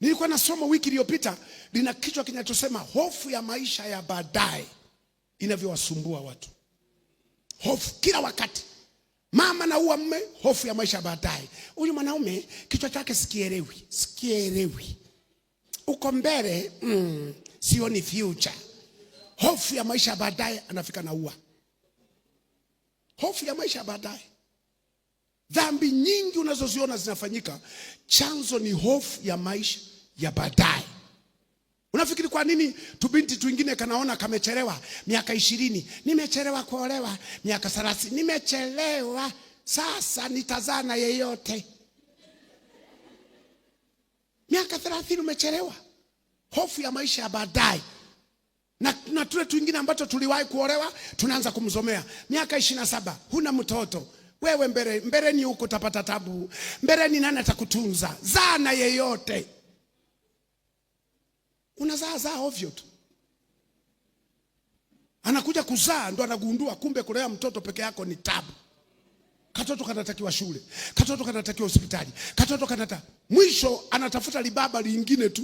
Nilikuwa na somo wiki iliyopita lina kichwa kinachosema hofu ya maisha ya baadaye inavyowasumbua watu. Hofu kila wakati, mama naua mme, hofu ya maisha ya baadaye. Huyu mwanaume kichwa chake sikielewi, sikielewi, uko mbele mm, sioni future. Hofu ya maisha ya baadaye, anafika naua. Hofu ya maisha ya baadaye. Dhambi nyingi unazoziona zinafanyika, chanzo ni hofu ya maisha ya baadaye. Unafikiri kwa nini tubinti twingine kanaona kamechelewa miaka ishirini, nimechelewa kuolewa miaka thelathini, nimechelewa sasa nitazaa na yeyote. Miaka thelathini umechelewa, hofu ya maisha ya baadaye na, na tule twingine ambacho tuliwahi kuolewa tunaanza kumzomea miaka ishirini na saba, huna mtoto wewe mbere ni huko utapata tabu. ni nani atakutunza? Zana yeyote, unazaa zaa ovyo tu. Anakuja kuzaa ndo anagundua kumbe kulea mtoto peke yako ni tabu. Katoto kanatakiwa shule, katoto kanatakiwa hospitali, katoto kanata, mwisho anatafuta libaba lingine tu,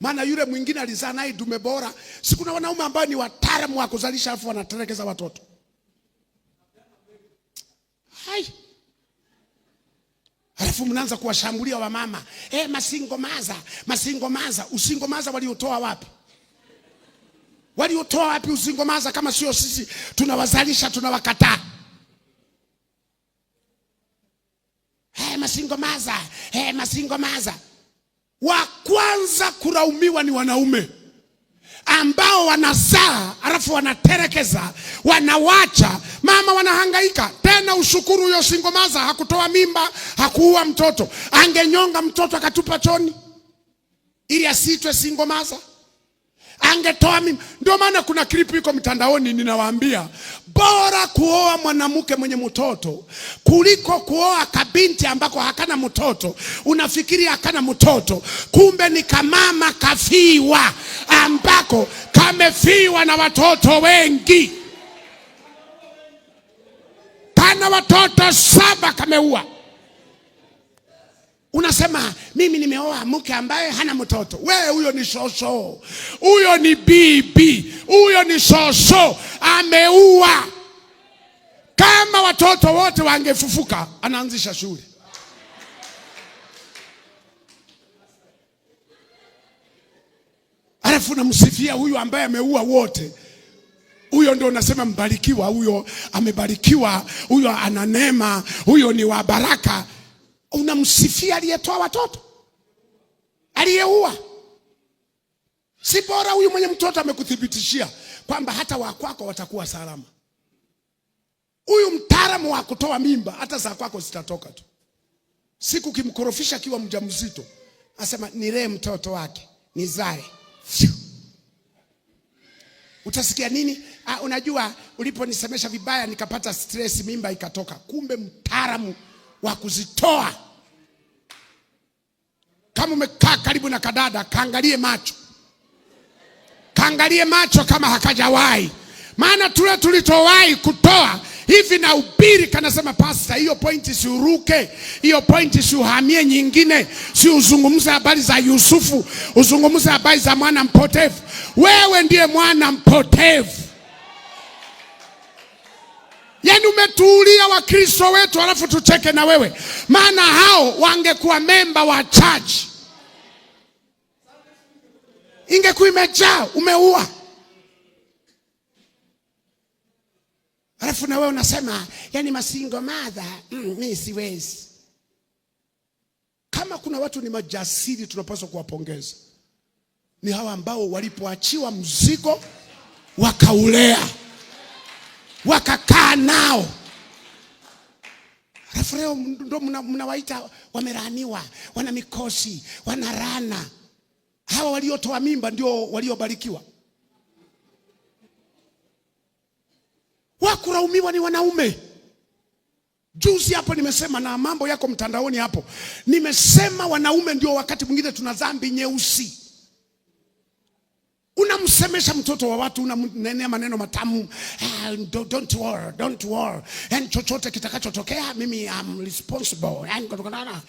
maana yule mwingine alizaa naye dume bora. Sikuna wanaume ambao ni wataalamu wa kuzalisha alafu wanatelekeza watoto Hai. Alafu mnaanza kuwashambulia wamama eh, masingomaza masingomaza. Usingomaza waliotoa wapi? Waliotoa wapi usingomaza kama sio sisi? Tunawazalisha, tunawakataa eh, masingomaza eh, masingomaza. Wa kwanza kulaumiwa ni wanaume ambao wanazaa alafu wanaterekeza, wanawacha mama, wanahangaika tena. Ushukuru huyo singomaza, hakutoa mimba, hakuua mtoto. Angenyonga mtoto akatupa choni ili asitwe singomaza angetoa mimi. Ndio maana kuna clip iko mtandaoni, ninawaambia bora kuoa mwanamke mwenye mtoto kuliko kuoa kabinti ambako hakana mtoto. Unafikiri hakana mtoto, kumbe ni kamama kafiwa, ambako kamefiwa na watoto wengi, kana watoto saba kameua Unasema mimi nimeoa mke ambaye hana mtoto. We, huyo ni shosho, huyo ni bibi, huyo ni shosho, ameua. Kama watoto wote wangefufuka, anaanzisha shule. Alafu namsifia huyu ambaye ameua wote. Huyo ndio unasema mbarikiwa, huyo amebarikiwa, huyo ana neema, huyo ni wa baraka. Unamsifia aliyetoa watoto, aliyeua? Si bora huyu mwenye mtoto amekuthibitishia kwamba hata wakwako watakuwa salama. Huyu mtaalamu wa kutoa mimba, hata za kwako zitatoka tu. Siku kimkorofisha akiwa mjamzito, asema nilee mtoto wake nizae, utasikia nini? Ah, unajua uliponisemesha vibaya nikapata stress, mimba ikatoka. Kumbe mtaalamu wa kuzitoa. Kama umekaa karibu na kadada, kaangalie macho, kaangalie macho kama hakajawahi. Maana tule tulitowahi kutoa hivi na ubiri kanasema, pasta, hiyo pointi siuruke hiyo pointi siuhamie nyingine, si uzungumze habari za Yusufu, uzungumze habari za mwana mpotevu. Wewe ndiye mwana mpotevu. Yaani umetuulia Wakristo wetu halafu tucheke na wewe, maana hao wangekuwa memba wa church ingekuwa imejaa. Umeua halafu na wewe unasema yani masingo madha, mm, mi siwezi. Kama kuna watu ni majasiri, tunapaswa kuwapongeza ni hawa ambao walipoachiwa mzigo wakaulea waka nao. Alafu leo ndo mnawaita wameraniwa wana mikosi, wana rana Hawa waliotoa mimba ndio waliobarikiwa. Wakulaumiwa ni wanaume. Juzi hapo nimesema na mambo yako mtandaoni hapo, nimesema wanaume ndio wakati mwingine tuna dhambi nyeusi Unamsemesha mtoto wa watu, unamnenea maneno matamu ah, don't, don't worry, don't worry. Yani chochote kitakachotokea mimi am responsible. Yani kutokana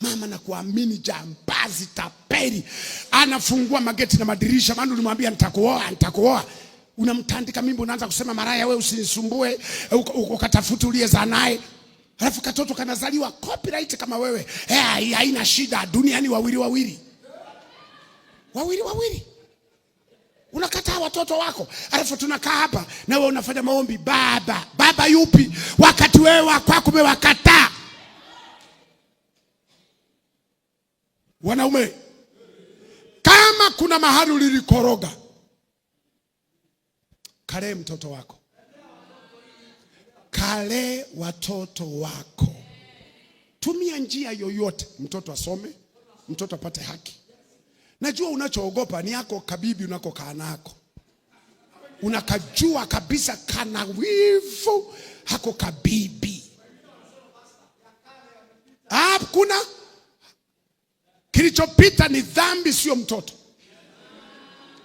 mama na kuamini, jambazi tapeli anafungua mageti na madirisha, maana ulimwambia nitakuoa, nitakuoa unamtandika mimba, unaanza kusema maraya, we usinisumbue, ukatafuta za naye Alafu katoto kanazaliwa copyright kama wewe. Eh, haina shida duniani wawili wawili. Wawili wawili. Unakataa watoto wako, alafu tunakaa hapa na wewe unafanya maombi. Baba baba yupi wakati wewe wakwako umewakataa? Wanaume, kama kuna mahali ulilikoroga, kalee mtoto wako, kalee watoto wako. Tumia njia yoyote, mtoto asome, mtoto apate haki Najua unachoogopa ni yako kabibi unakokaa nako, unakajua kabisa kana wivu hako kabibi. Ah, hakuna kilichopita, ni dhambi, sio mtoto.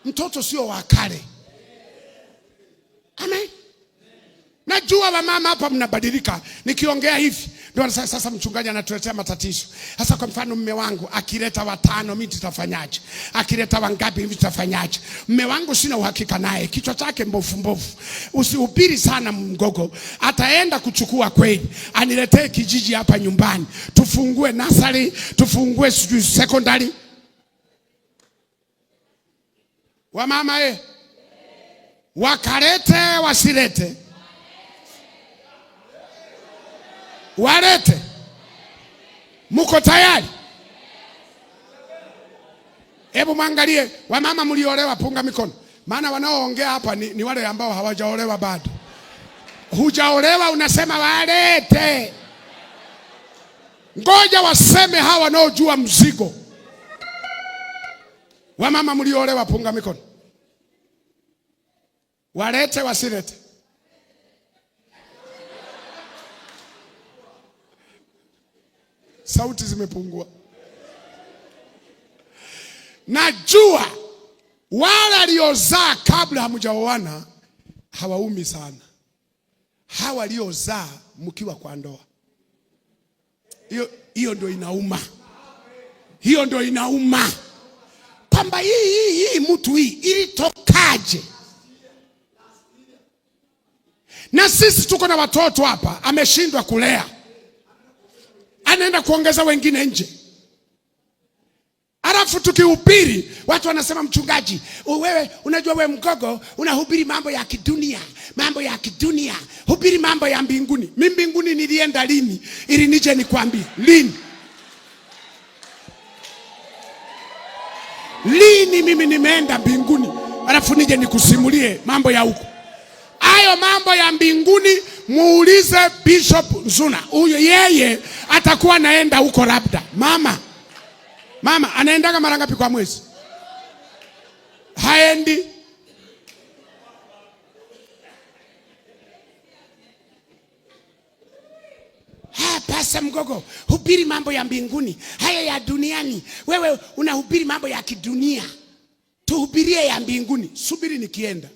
Mtoto sio wa kale. Amen. Najua wamama hapa mnabadilika nikiongea hivi ndio sasa mchungaji anatuletea matatizo. Sasa kwa mfano, mme wangu akileta watano, mimi tutafanyaje? Akileta wangapi, mimi tutafanyaje? Mme wangu sina uhakika naye, kichwa chake mbovu mbovu. Usihubiri sana mgogo, ataenda kuchukua kweli. Aniletee kijiji hapa nyumbani, tufungue nasari, tufungue sekondari. Wamama eh, wakalete wasilete walete. Muko tayari? Hebu mwangalie wamama mliolewa, punga mikono, maana wanaoongea hapa ni, ni wale ambao hawajaolewa bado. Hujaolewa unasema walete, ngoja waseme hawa wanaojua mzigo. Wamama mliolewa, punga mikono, walete wasilete sauti zimepungua. Najua wale aliozaa kabla hamjaoana hawaumi sana, hawa aliozaa mkiwa kwa ndoa, hiyo hiyo ndio inauma, hiyo ndio inauma kwamba hii hii hii mtu hii ilitokaje? Na sisi tuko na watoto hapa, ameshindwa kulea anaenda kuongeza wengine nje. Alafu tukihubiri watu wanasema, mchungaji wewe, unajua wewe mgogo, unahubiri mambo ya kidunia, mambo ya kidunia, hubiri mambo ya mbinguni. mi mbinguni nilienda lini? Ili nije nikwambie lini? Lini mimi nimeenda mbinguni, alafu nije nikusimulie mambo ya huko? hayo mambo ya mbinguni muulize Bishop Nzuna, huyo yeye atakuwa naenda huko labda. Mama mama anaendaga mara ngapi kwa mwezi? Haendi. Ha, Pasa Mgogo, hubiri mambo ya mbinguni, haya ya duniani. Wewe unahubiri mambo ya kidunia, tuhubirie ya mbinguni. Subiri nikienda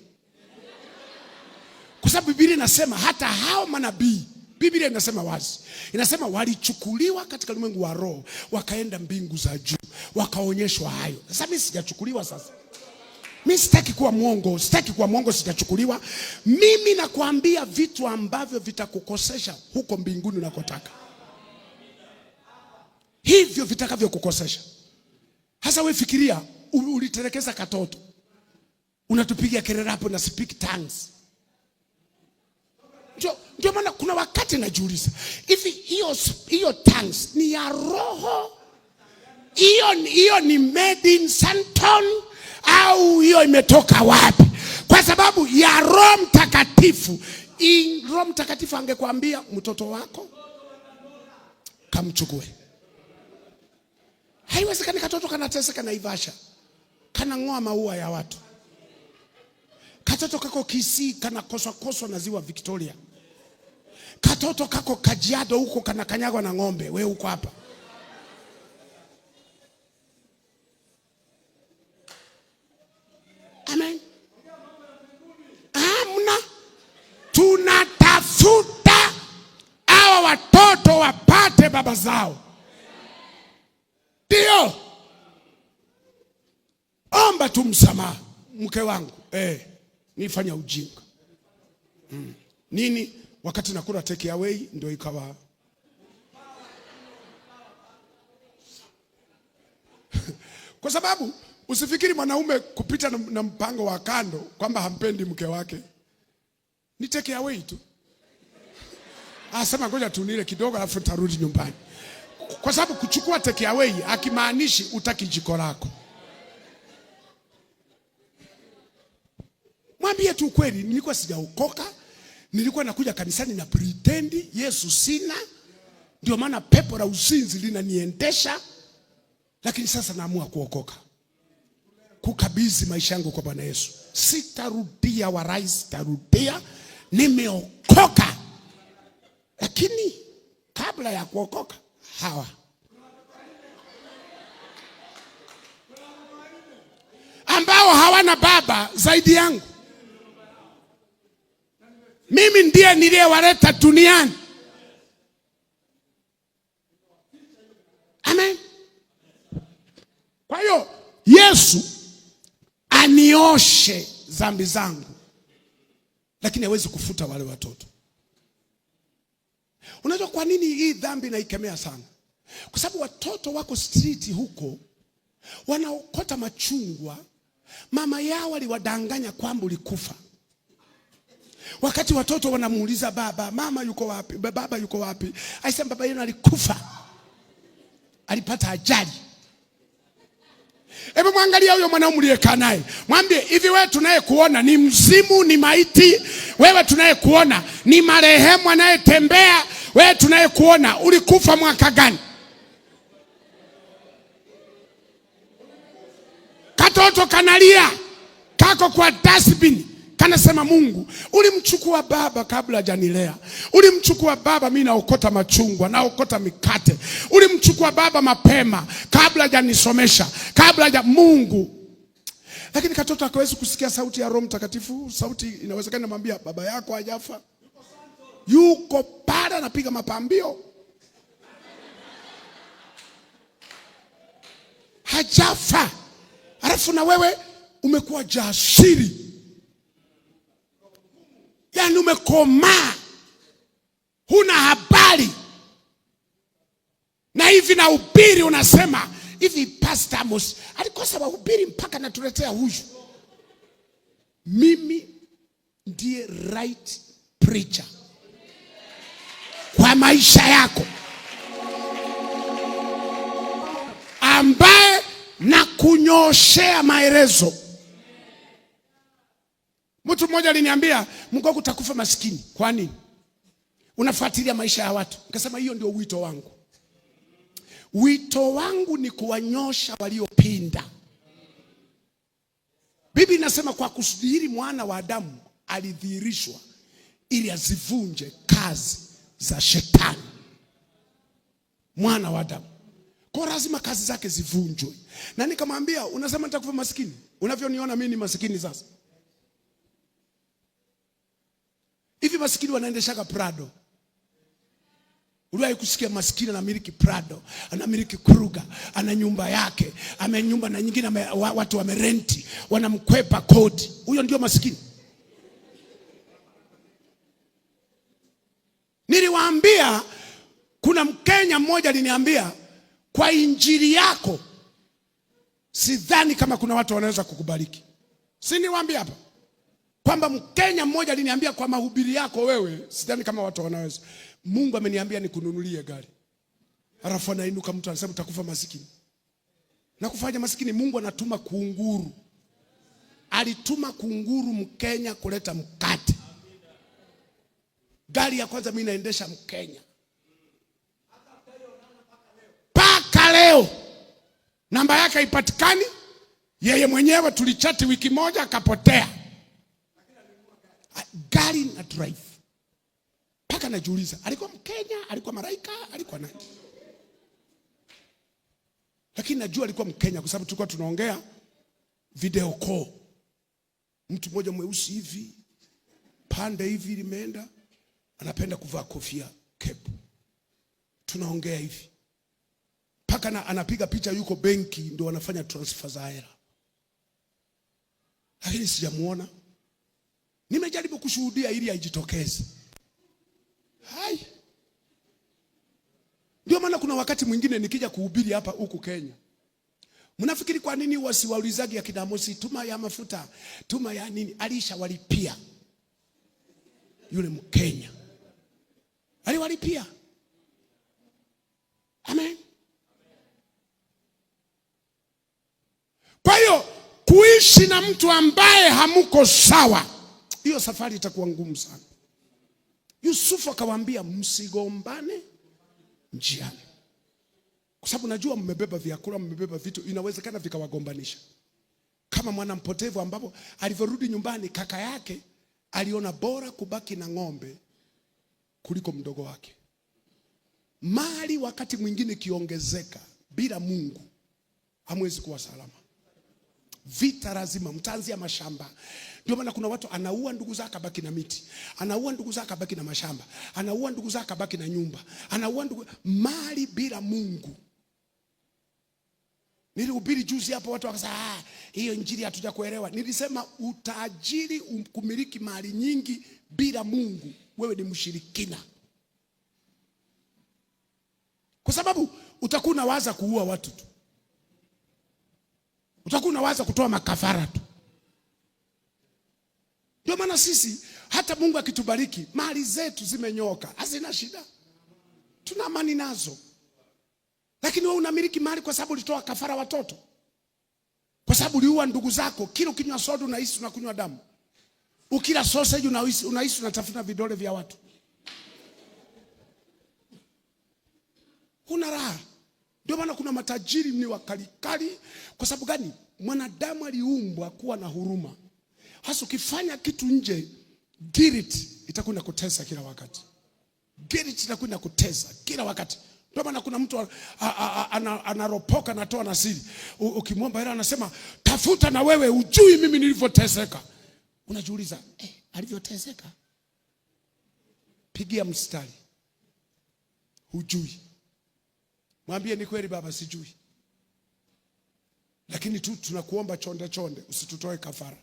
kwa sababu Biblia inasema hata hao manabii, Biblia inasema wazi, inasema walichukuliwa katika ulimwengu wa roho wakaenda mbingu za juu, wakaonyeshwa hayo. Sasa mimi sijachukuliwa sasa mimi sitaki kuwa mwongo, sitaki kuwa mwongo, sijachukuliwa. Mimi nakwambia vitu ambavyo vitakukosesha huko mbinguni unakotaka, hivyo vitakavyokukosesha. Hasa wewe fikiria, ulitelekeza katoto, unatupiga kelele hapo na speak tongues, ndio maana kuna wakati najiuliza hivi, hiyo hiyo tongues ni ya roho hiyo, hiyo ni made in Santon au hiyo imetoka wapi? Kwa sababu ya Roho Mtakatifu. Roho Mtakatifu angekwambia mtoto wako kamchukue. Haiwezekani katoto kanateseka kana kanang'oa maua ya watu, katoto kako Kisii kanakoswakoswa na ziwa Victoria. Katoto kako Kajiado huko kanakanyagwa na ng'ombe, wewe uko hapa. Amen. Amna, tunatafuta hawa watoto wapate baba zao. Ndio omba tu msamaha, mke wangu eh, nifanya ujinga hmm. nini wakati nakula take away ndio ikawa kwa sababu usifikiri mwanaume kupita na, mpango wa kando kwamba hampendi mke wake, ni take away tu, asema ah, ngoja tunile kidogo alafu tarudi nyumbani, kwa sababu kuchukua take away akimaanishi utaki jiko lako. Mwambie tu kweli, nilikuwa sijaokoka Nilikuwa nakuja kanisani na pretend Yesu sina, ndio maana pepo la uzinzi linaniendesha, lakini sasa naamua kuokoka, kukabidhi maisha yangu kwa Bwana Yesu. Sitarudia warai, sitarudia, nimeokoka. Lakini kabla ya kuokoka hawa ambao hawana baba zaidi yangu mimi ndiye niliyewaleta duniani. Amen. Kwa hiyo Yesu anioshe dhambi zangu, lakini hawezi kufuta wale watoto. Unajua kwa nini hii dhambi naikemea sana? Kwa sababu watoto wako street huko wanaokota machungwa, mama yao aliwadanganya kwamba ulikufa Wakati watoto wanamuuliza baba, mama yuko wapi? Baba yuko wapi? Aisema baba yenu alikufa, alipata ajali. Hebu mwangalia huyo mwanaume uliyekaa naye, mwambie hivi, wewe tunayekuona ni mzimu, ni maiti. Wewe tunayekuona ni marehemu anayetembea. Wewe tunayekuona ulikufa mwaka gani? Katoto kanalia kako kwa dasbini Kanasema Mungu, ulimchukua baba kabla hajanilea, ulimchukua baba, mi naokota machungwa, naokota mikate, ulimchukua baba mapema kabla hajanisomesha, kabla haja Mungu. Lakini katoto akawezi kusikia sauti ya Roho Mtakatifu, sauti inawezekana namwambia baba yako hajafa, yuko pale anapiga mapambio, hajafa. Halafu na wewe umekuwa jasiri yani umekomaa, huna habari na hivi na ubiri unasema hivi, Pastor Amos alikosa wahubiri mpaka natuletea huyu. Mimi ndiye right preacher kwa maisha yako, ambaye nakunyoshea maelezo Mtu mmoja aliniambia Mungu utakufa maskini. Kwa nini? Unafuatilia maisha ya watu. Nikasema hiyo ndio wito wangu. Wito wangu ni kuwanyosha waliopinda. Biblia inasema kwa kusudi hili mwana wa Adamu alidhihirishwa ili azivunje kazi za shetani. Mwana wa Adamu. Kwa lazima kazi zake zivunjwe. Na nikamwambia unasema nitakufa maskini. Unavyoniona mimi ni maskini sasa. maskini wanaendeshaga Prado. Uliwahi kusikia maskini anamiliki Prado, anamiliki Kruger, ana nyumba yake, ame nyumba na nyingine ame, watu wamerenti, wanamkwepa kodi. Huyo ndio maskini. Niliwaambia kuna Mkenya mmoja aliniambia kwa injili yako sidhani kama kuna watu wanaweza kukubariki. Si niwaambia hapa? kwamba Mkenya mmoja aliniambia kwa mahubiri yako wewe, sidhani kama watu wanaweza. Mungu ameniambia nikununulie gari, alafu anainuka mtu anasema utakufa masikini na kufanya masikini. Mungu anatuma kunguru, alituma kunguru Mkenya kuleta mkate. Gari ya kwanza mimi naendesha Mkenya mpaka leo, namba yake haipatikani. Yeye mwenyewe tulichati wiki moja, akapotea gari na drive mpaka najiuliza, alikuwa Mkenya, alikuwa malaika, alikuwa nani? Lakini najua alikuwa Mkenya kwa sababu tulikuwa tunaongea video call, mtu mmoja mweusi hivi pande hivi limeenda, anapenda kuvaa kofia kepu, tunaongea hivi mpaka na anapiga picha, yuko benki ndio wanafanya transfer za hela, lakini sijamuona. Nimejaribu kushuhudia ili haijitokeze. Hai. Ndio maana kuna wakati mwingine nikija kuhubiri hapa huku Kenya. Mnafikiri kwa nini wasiwaulizagi ya Mosi tuma ya mafuta, tuma ya nini? walipia Yule Mkenya. Aliwalipia. Amen. Kwa hiyo kuishi na mtu ambaye hamuko sawa hiyo safari itakuwa ngumu sana. Yusufu akawaambia msigombane njiani, kwa sababu najua mmebeba vyakula, mmebeba vitu, inawezekana vikawagombanisha kama mwana mpotevu, ambapo alivyorudi nyumbani kaka yake aliona bora kubaki na ng'ombe kuliko mdogo wake. Mali wakati mwingine kiongezeka bila Mungu hamwezi kuwa salama. Vita lazima mtaanzia mashamba. Ndio maana kuna watu anaua ndugu zake baki na miti, anaua ndugu zake baki na mashamba, anaua ndugu zake baki na nyumba, anaua ndugu mali bila Mungu. Nilihubiri juzi hapo, watu wakasema ah, hiyo injili hatujakuelewa. Nilisema utajiri, um-, kumiliki mali nyingi bila Mungu, wewe ni mshirikina, kwa sababu utakuwa unawaza kuua watu tu, utakuwa unawaza kutoa makafara tu ndio maana sisi hata Mungu akitubariki mali zetu zimenyoka, hazina shida, tuna amani nazo. Lakini wewe unamiliki mali kwa sababu ulitoa kafara watoto, kwa sababu uliua ndugu zako. Kila ukinywa soda unahisi unakunywa damu, ukila sausage unahisi unahisi unatafuna vidole vya watu, una raha. Ndio maana kuna matajiri ni wakalikali. Kwa sababu gani? Mwanadamu aliumbwa kuwa na huruma Hasa ukifanya kitu nje, guilt itakuwa kutesa kila wakati. Guilt itakuwa kutesa kila wakati. Ndio maana kuna mtu anaropoka na toa nasiri. Ukimwomba hela anasema tafuta na wewe ujui mimi nilivyoteseka. Unajiuliza, eh, alivyoteseka? Pigia mstari. Ujui. Mwambie ni kweli baba sijui. Lakini tu tunakuomba chonde chonde usitutoe kafara.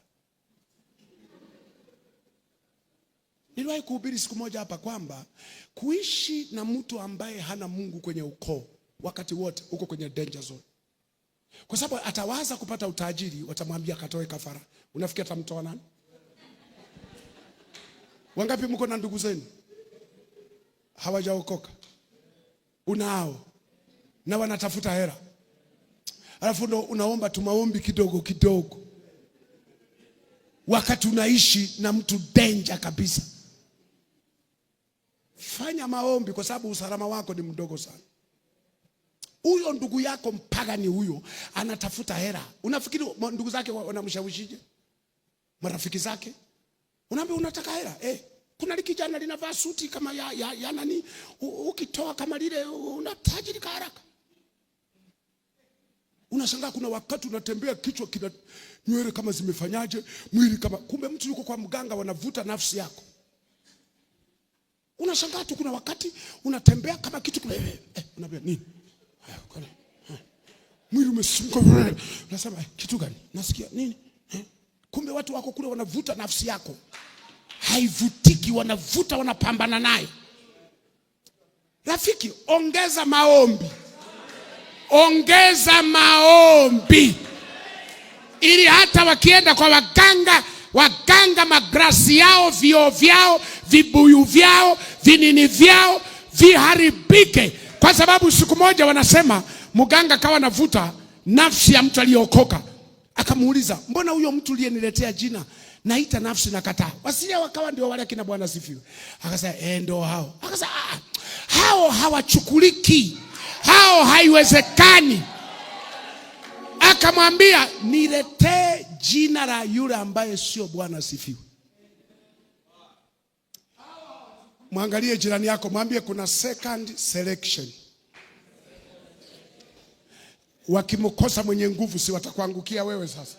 Niliwahi kuhubiri siku moja hapa kwamba kuishi na mtu ambaye hana Mungu kwenye ukoo wakati wote uko kwenye danger zone, kwa sababu atawaza kupata utajiri, watamwambia katoe kafara. Unafikia atamtoa nani? Wangapi mko na ndugu zenu hawajaokoka? Unao na wanatafuta hela, alafu ndo unaomba tumaombi kidogo kidogo, wakati unaishi na mtu danger kabisa fanya maombi, kwa sababu usalama wako ni mdogo sana. Huyo ndugu yako mpagani huyo anatafuta hera, unafikiri ndugu zake wanamshawishije? Marafiki zake, unaambia unataka hera eh? Kuna likijana linavaa suti kama ya, ya, ya nani, ukitoa kama lile unatajirika haraka. Unashangaa kuna wakati unatembea kichwa kina nywele kama zimefanyaje, mwili kama kumbe, mtu yuko kwa mganga, wanavuta nafsi yako Unashangaa tu, kuna wakati unatembea kama kitu kuna, eh, eh, unaambia nini? Eh, eh. mwili umesumka, unasema eh, kitu gani? Nasikia nini? Kumbe watu wako kule wanavuta nafsi yako, haivutiki, wanavuta, wanapambana naye. Rafiki, ongeza maombi, ongeza maombi ili hata wakienda kwa waganga waganga magrasi yao, vioo vyao, vibuyu vyao vinini vyao viharibike, kwa sababu siku moja wanasema mganga kawa navuta nafsi ya mtu aliyeokoka, akamuuliza mbona huyo mtu uliyeniletea jina naita nafsi na kataa, wasija wakawa ndio wale akina Bwana sifiwe. Akasema eh, ndio hao. Akasema ah, hao hawachukuliki, hao haiwezekani. Akamwambia niletee jina la yule ambaye sio Bwana sifiwe. Mwangalie jirani yako, mwambie kuna second selection. Wakimkosa mwenye nguvu, si watakuangukia wewe? Sasa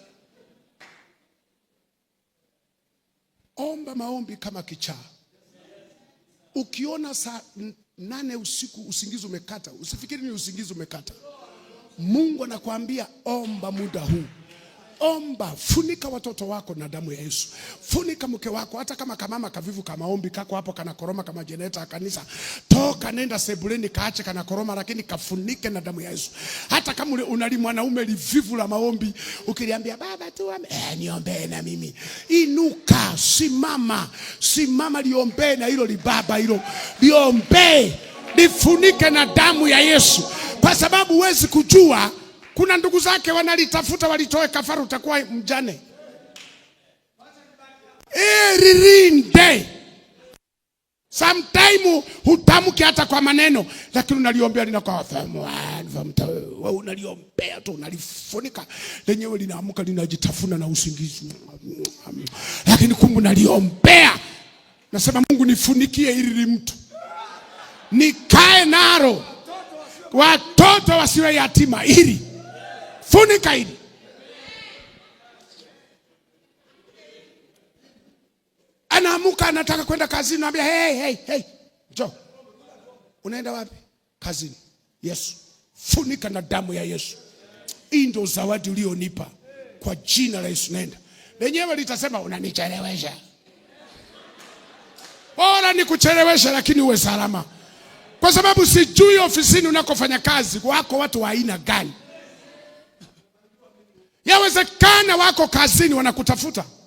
omba maombi kama kichaa. Ukiona saa nane usiku usingizi umekata, usifikiri ni usingizi umekata. Mungu anakuambia omba muda huu. Omba, funika watoto wako na damu ya Yesu. Funika mke wako, hata kama kamama kavivu kama ombi kako hapo kana koroma kama jeneta kanisa, toka nenda sebuleni, kaache kana koroma, lakini kafunike na damu ya Yesu. Hata kama unali mwanaume livivu la maombi, ukiliambia baba tu eh, niombee na mimi, inuka, simama, simama, liombee na hilo libaba hilo, liombee, lifunike na damu ya Yesu, kwa sababu huwezi kujua kuna ndugu zake wanalitafuta walitoe kafara, utakuwa mjane. E, ririnde. Sometime hutamki hata kwa maneno, lakini unaliombea linakuwa unaliombea tu, unalifunika lenyewe, linaamka linajitafuna na usingizi, lakini kumbe unaliombea. Nasema Mungu, nifunikie hili mtu nikae naro, watoto wasiwe yatima ili funika hili. Anaamuka anataka kwenda kazini, naambia hey, hey, hey, njoo. Unaenda wapi? Kazini. Yesu, funika na damu ya Yesu. Hii ndio zawadi ulionipa kwa jina la Yesu. Naenda lenyewe litasema unanichelewesha. Bora nikuchelewesha, lakini uwe salama, kwa sababu sijui ofisini unakofanya kazi wako watu wa aina gani. Yawezekana wako kazini wanakutafuta